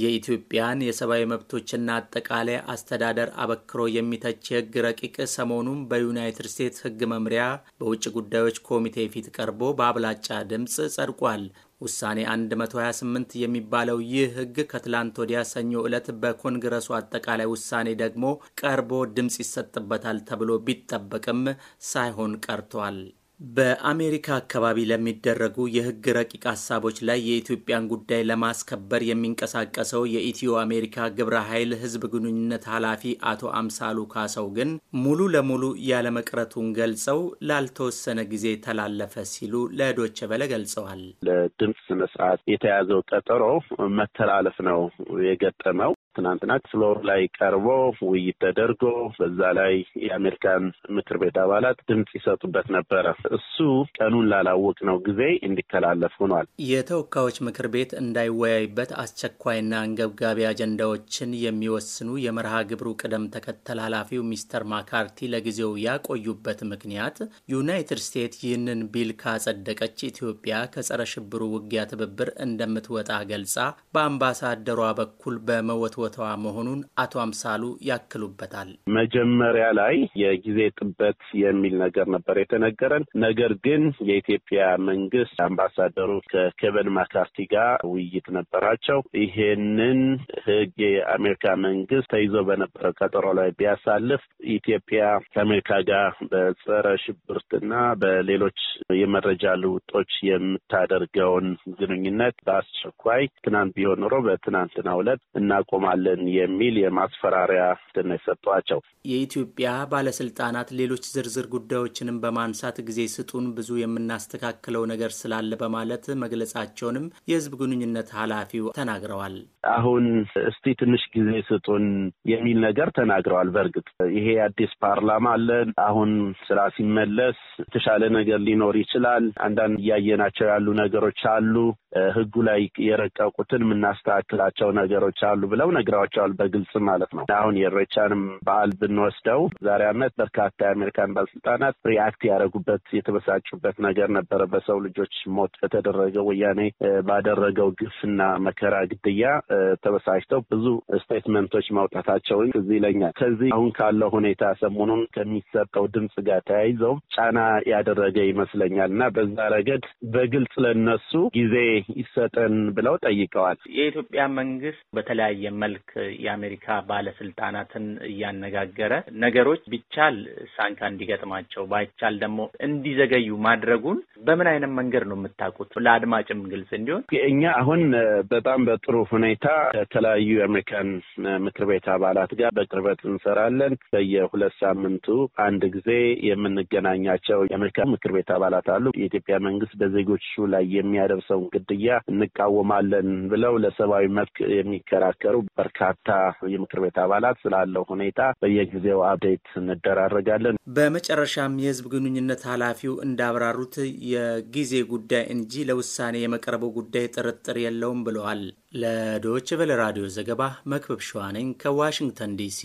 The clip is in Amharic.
የኢትዮጵያን የሰብአዊ መብቶችና አጠቃላይ አስተዳደር አበክሮ የሚተች የህግ ረቂቅ ሰሞኑን በዩናይትድ ስቴትስ ሕግ መምሪያ በውጭ ጉዳዮች ኮሚቴ ፊት ቀርቦ በአብላጫ ድምፅ ጸድቋል። ውሳኔ 128 የሚባለው ይህ ህግ ከትላንት ወዲያ ሰኞ ዕለት በኮንግረሱ አጠቃላይ ውሳኔ ደግሞ ቀርቦ ድምፅ ይሰጥበታል ተብሎ ቢጠበቅም ሳይሆን ቀርቷል። በአሜሪካ አካባቢ ለሚደረጉ የሕግ ረቂቅ ሀሳቦች ላይ የኢትዮጵያን ጉዳይ ለማስከበር የሚንቀሳቀሰው የኢትዮ አሜሪካ ግብረ ኃይል ሕዝብ ግንኙነት ኃላፊ አቶ አምሳሉ ካሰው ግን ሙሉ ለሙሉ ያለመቅረቱን ገልጸው ላልተወሰነ ጊዜ ተላለፈ ሲሉ ለዶቼ ቬለ ገልጸዋል። ለድምፅ ስነ የተያዘው ቀጠሮ መተላለፍ ነው የገጠመው። ትናንትና ፍሎር ላይ ቀርቦ ውይይት ተደርጎ በዛ ላይ የአሜሪካን ምክር ቤት አባላት ድምፅ ይሰጡበት ነበረ። እሱ ቀኑን ላላወቅ ነው ጊዜ እንዲተላለፍ ሆኗል። የተወካዮች ምክር ቤት እንዳይወያይበት አስቸኳይና አንገብጋቢ አጀንዳዎችን የሚወስኑ የመርሃ ግብሩ ቅደም ተከተል ኃላፊው ሚስተር ማካርቲ ለጊዜው ያቆዩበት ምክንያት ዩናይትድ ስቴትስ ይህንን ቢል ካጸደቀች ኢትዮጵያ ከጸረ ሽብሩ ውጊያ ትብብር እንደምትወጣ ገልጻ በአምባሳደሯ በኩል በመወትወቷ መሆኑን አቶ አምሳሉ ያክሉበታል። መጀመሪያ ላይ የጊዜ ጥበት የሚል ነገር ነበር የተነገረን። ነገር ግን የኢትዮጵያ መንግስት አምባሳደሩ ከኬቨን ማካርቲ ጋር ውይይት ነበራቸው። ይሄንን ህግ የአሜሪካ መንግስት ተይዞ በነበረ ቀጠሮ ላይ ቢያሳልፍ ኢትዮጵያ ከአሜሪካ ጋር በጸረ ሽብርትና በሌሎች የመረጃ ልውጦች የምታደርገውን ግንኙነት በአስቸኳይ ትናንት ቢሆን ኖሮ በትናንትና ዕለት እናቆማለን የሚል የማስፈራሪያ ትና የሰጧቸው የኢትዮጵያ ባለስልጣናት ሌሎች ዝርዝር ጉዳዮችንም በማንሳት ጊዜ ስጡን፣ ብዙ የምናስተካክለው ነገር ስላለ በማለት መግለጻቸውንም የህዝብ ግንኙነት ኃላፊው ተናግረዋል። አሁን እስቲ ትንሽ ጊዜ ስጡን የሚል ነገር ተናግረዋል። በእርግጥ ይሄ አዲስ ፓርላማ አለን። አሁን ስራ ሲመለስ የተሻለ ነገር ሊኖር ይችላል። አንዳንድ እያየናቸው ያሉ ነገሮች አሉ። ህጉ ላይ የረቀቁትን የምናስተካክላቸው ነገሮች አሉ ብለው ነግረዋቸዋል። በግልጽ ማለት ነው። አሁን የእሬቻንም በዓል ብንወስደው ዛሬ ዓመት በርካታ የአሜሪካን ባለስልጣናት ሪያክት ያደረጉበት የተበሳጩበት ነገር ነበረ። በሰው ልጆች ሞት በተደረገው ወያኔ ባደረገው ግፍና መከራ ግድያ ተበሳጭተው ብዙ ስቴትመንቶች ማውጣታቸውን እዚህ ይለኛል። ከዚህ አሁን ካለው ሁኔታ ሰሞኑን ከሚሰጠው ድምፅ ጋር ተያይዘው ጫና ያደረገ ይመስለኛል እና በዛ ረገድ በግልጽ ለነሱ ጊዜ ይሰጠን ብለው ጠይቀዋል። የኢትዮጵያ መንግስት በተለያየ መልክ የአሜሪካ ባለስልጣናትን እያነጋገረ ነገሮች ቢቻል ሳንካ እንዲገጥማቸው ባይቻል ደግሞ እንዲዘገዩ ማድረጉን በምን አይነት መንገድ ነው የምታውቁት? ለአድማጭም ግልጽ እንዲሆን እኛ አሁን በጣም በጥሩ ሁኔታ ከተለያዩ የአሜሪካን ምክር ቤት አባላት ጋር በቅርበት እንሰራለን። በየሁለት ሳምንቱ አንድ ጊዜ የምንገናኛቸው የአሜሪካ ምክር ቤት አባላት አሉ። የኢትዮጵያ መንግስት በዜጎቹ ላይ የሚያደርሰውን ግድ ክፍያ እንቃወማለን ብለው ለሰብአዊ መብት የሚከራከሩ በርካታ የምክር ቤት አባላት ስላለው ሁኔታ በየጊዜው አብዴት እንደራረጋለን። በመጨረሻም የህዝብ ግንኙነት ኃላፊው እንዳብራሩት የጊዜ ጉዳይ እንጂ ለውሳኔ የመቅረቡ ጉዳይ ጥርጥር የለውም ብለዋል። ለዶይቼ ራዲዮ ዘገባ መክበብ ሸዋነኝ ከዋሽንግተን ዲሲ